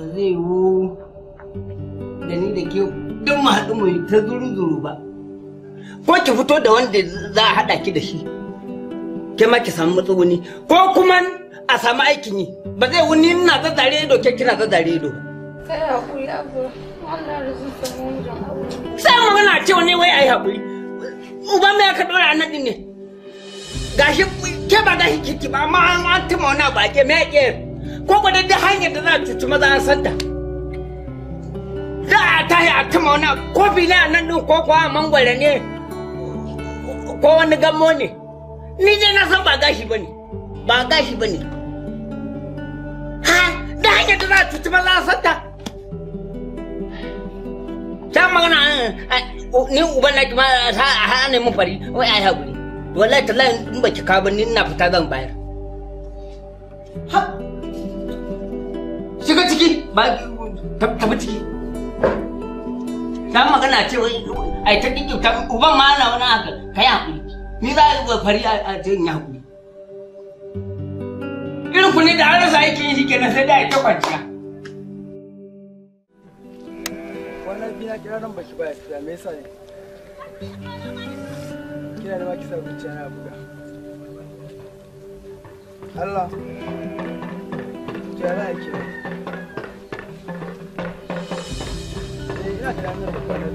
ba zai yiwu da ni da ke duk mu haɗu mu ta zuru-zuru ba ko ki fito da wanda za a haɗa ki da shi ke ma ki samu matsuguni ko kuma a samu aikin yi ba zai wuni na zazzare ido ke kina zazzare ido kai hakuri abu wannan rizuta mun jama'a sai magana cewa ne wai yi hakuri uban me aka dora nan ne gashi ke ba gashi kiki ba amma an tuma wani abu ake me ko ba da hanyar da za a cuci maza an santa za a tahi a tuma wani kofi na nan din ko kuwa mangwara ne ko wani gamo ne ni dai na san ba gashi bane ba gashi ha da hanyar da za a cuci maza an santa ta magana eh, eh, ni uban na kima a hana mun fari wai yi haƙuri wallahi tallahi in baki ka ba ni ina fita zan bayar shiga ciki ba tafi ciki ta magana ce wai ai ta dinki ta uban ma na wani haka ka yi haƙuri ni za a fari a jin ya hakuri irin ku ne da an rasa aikin yi shi kenan sai da ya ta kwanciya wannan biya kira nan shi baya ya me yasa ne kira da baki sa zuciya na buga Allah kira na kira the board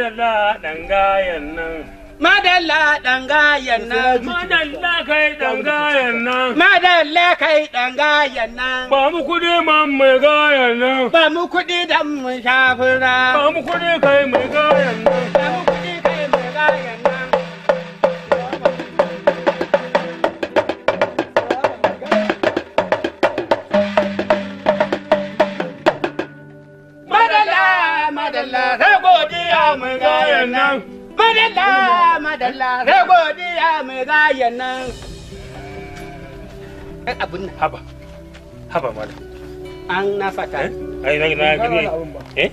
madalla dangayen nan madalla dangayen nan madalla kai dangayen nan madalla kai dangayen nan ba mu kudi ma mai gayen nan ba mu kudi dan mu shafura ba mu kudi kai mai gayen nan mu gayan nan madalla madalla sai godiya mu nan abun nan haba haba an na fata eh? ai n'an na gani eh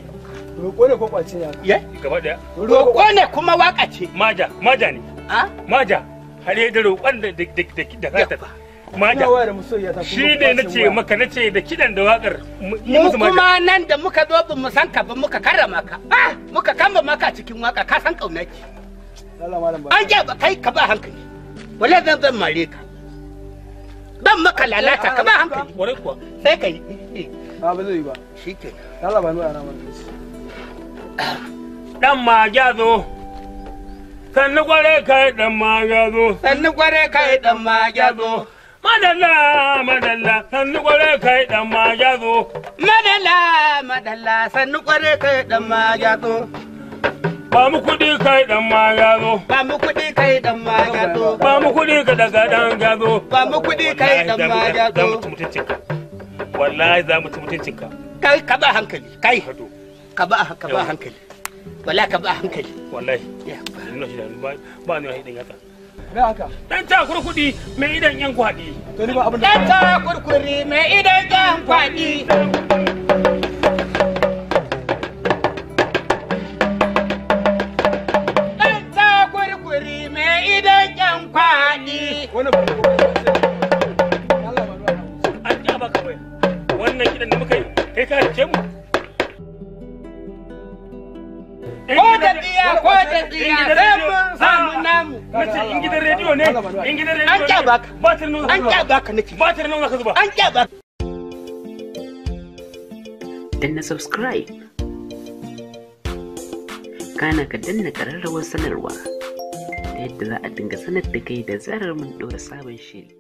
roƙo ne ko kwace ya ya gaba daya roƙo ne kuma waka ce maja maja ne ah? maja har da roƙon da da da da maja shi ne na ce maka na ce da kidan da wakar mu kuma nan da muka zo ba mu san ka ba muka karrama ka ah, muka kamba maka cikin waka ka san kauna ki an ja ba kai ka ba hankali wala zan zan mare ka dan maka lalata ka ba hankali wala kuwa sai kai ba ah, ba zai ba shike Allah ba nuna ranar dan ma ja zo sannu kware kai dan ma ya zo sannu kware kai dan ma ya zo madalla madalla sannu kware kai dan ma ya zo madalla madalla sannu kware kai dan ma ya zo ba mu kudi kai dan ma ya zo ba mu kudi kai dan ma ya zo ba mu kudi ka daga dan ya zo ba mu kudi kai dan ma ya zo za mu ci mutuncinka wallahi za mu ci ka. kai ka ba hankali kai ka ba ka ba hankali wallahi ka ba hankali wallahi ba ni hidin haka Me haka? Dan mai idan yan kwaɗi. To ni ba abin da. mai idan yan kwaɗi. Dan ta mai idan yan kwaɗi. Wani ba Allah ba Wannan kiɗan da muka yi, kai ka mu. wata na ko ta sai mun namu mace in gidan rediyo ne in gidan rediyo an kyaba ka an kyaba ka nake ka zuba an kyaba danna subscribe kana ka danna kararrawar sanarwa ta yadda za a dinga sanar da kai da zarar mun ɗora sabon shiri